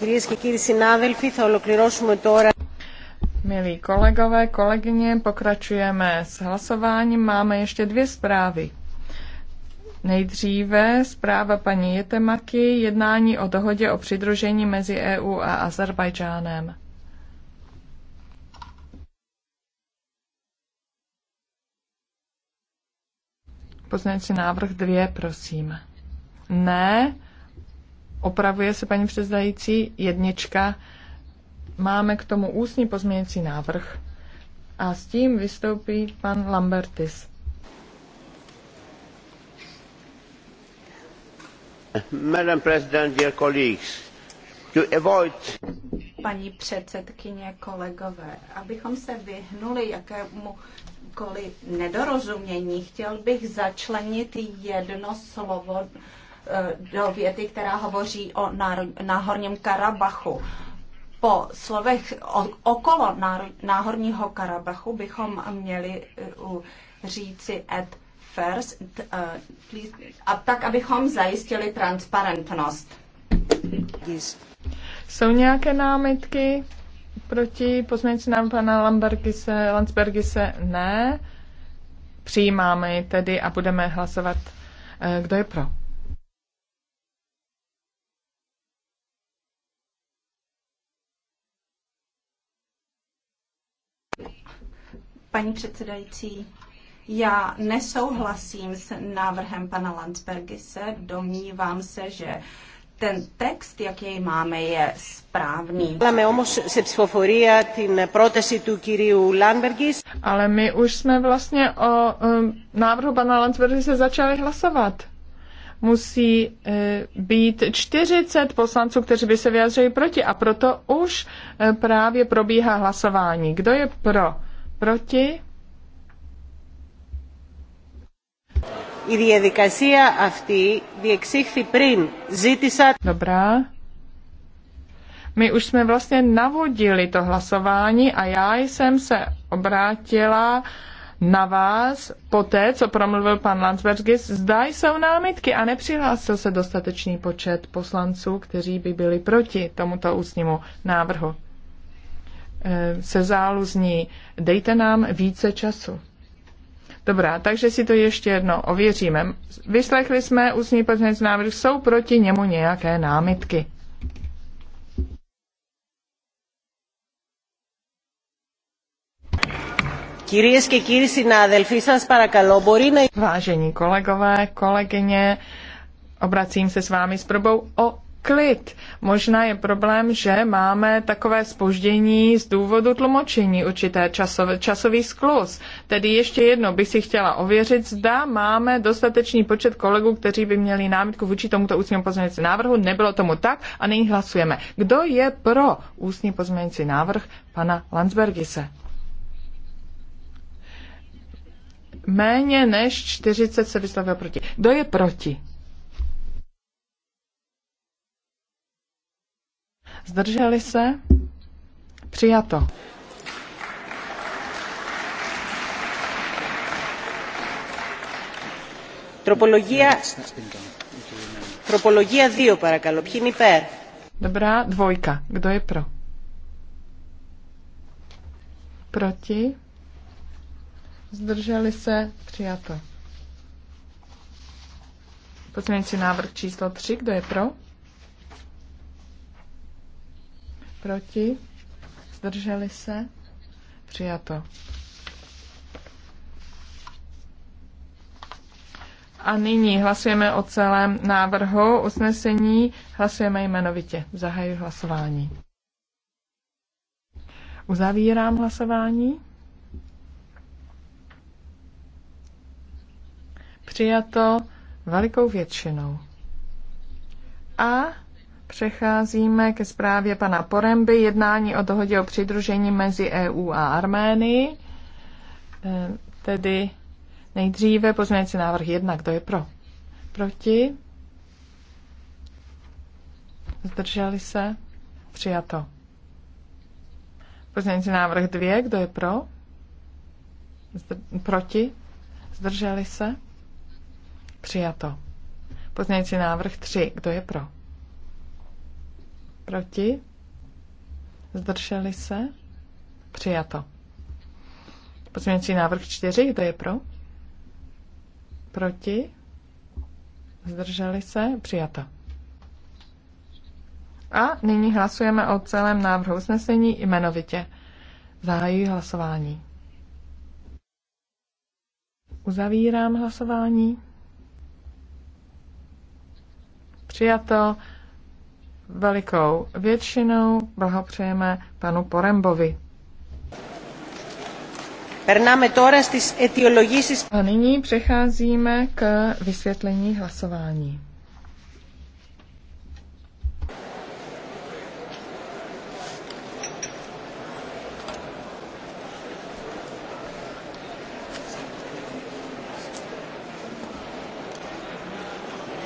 Milí kolegové, kolegyně, pokračujeme s hlasováním. Máme ještě dvě zprávy. Nejdříve zpráva paní Jetemaky, jednání o dohodě o přidružení mezi EU a Azerbajdžánem. si návrh dvě, prosím. Ne, Opravuje se paní předsedající jednička. Máme k tomu ústní pozměňující návrh. A s tím vystoupí pan Lambertis. Madam President, dear colleagues, to avoid... Paní předsedkyně, kolegové, abychom se vyhnuli jakému nedorozumění chtěl bych začlenit jedno slovo Eh, do věty, která hovoří o náhorním Karabachu. Po slovech okolo náhorního Karabachu bychom měli eh, říci at first, eh, a tak, abychom zajistili transparentnost. Jsou nějaké námitky proti pozměňující nám pana Lambergise, Landsbergise? Ne. Přijímáme ji tedy a budeme hlasovat. Kdo je pro? Paní předsedající, já nesouhlasím s návrhem pana Landsbergise. Domnívám se, že ten text, jak jej máme, je správný. Ale my už jsme vlastně o um, návrhu pana Landsbergise začali hlasovat. Musí e, být 40 poslanců, kteří by se vyjadřili proti a proto už e, právě probíhá hlasování. Kdo je pro? Proti? Η διαδικασία αυτή διεξήχθη πριν. Ζήτησα... Dobrá. My už jsme vlastně navodili to hlasování a já jsem se obrátila na vás poté, co promluvil pan Landsbergis, zda jsou námitky a nepřihlásil se dostatečný počet poslanců, kteří by byli proti tomuto ústnímu návrhu. Eh, se záluzní, dejte nám více času. Dobrá, takže si to ještě jedno ověříme. Vyslechli jsme ústní pozměňovací návrh, jsou proti němu nějaké námitky. Vážení kolegové, kolegyně, obracím se s vámi s probou o klid. Možná je problém, že máme takové spoždění z důvodu tlumočení určité časov, časový sklus. Tedy ještě jedno bych si chtěla ověřit, zda máme dostatečný počet kolegů, kteří by měli námitku vůči tomuto ústnímu pozměňující návrhu. Nebylo tomu tak a nyní hlasujeme. Kdo je pro ústní pozměňující návrh pana Landsbergise? Méně než 40 se vyslovil proti. Kdo je proti? Zdrželi se? Přijato. Tropologie. Tropologie 2, parakalo. Ποιοι είναι υπέρ. Dobrá, dvojka. Kdo je pro? Proti? Zdrželi se? Přijato. Pozměňující návrh číslo 3. Kdo je pro? Proti? Zdrželi se? Přijato. A nyní hlasujeme o celém návrhu usnesení. Hlasujeme jmenovitě. Zahajuji hlasování. Uzavírám hlasování. Přijato velikou většinou. A Přecházíme ke zprávě pana Poremby, jednání o dohodě o přidružení mezi EU a Arménii. E, tedy nejdříve pozměňující návrh 1. Kdo je pro? Proti? Zdrželi se? Přijato. Pozměňující návrh 2. Kdo je pro? Zdr- proti? Zdrželi se? Přijato. Pozměňující návrh 3. Kdo je pro? Proti? Zdrželi se? Přijato. Pozměňující návrh 4, kdo je pro? Proti? Zdrželi se? Přijato. A nyní hlasujeme o celém návrhu usnesení jmenovitě. Zahajuji hlasování. Uzavírám hlasování. Přijato velikou většinou blahopřejeme panu Porembovi. A nyní přecházíme k vysvětlení hlasování.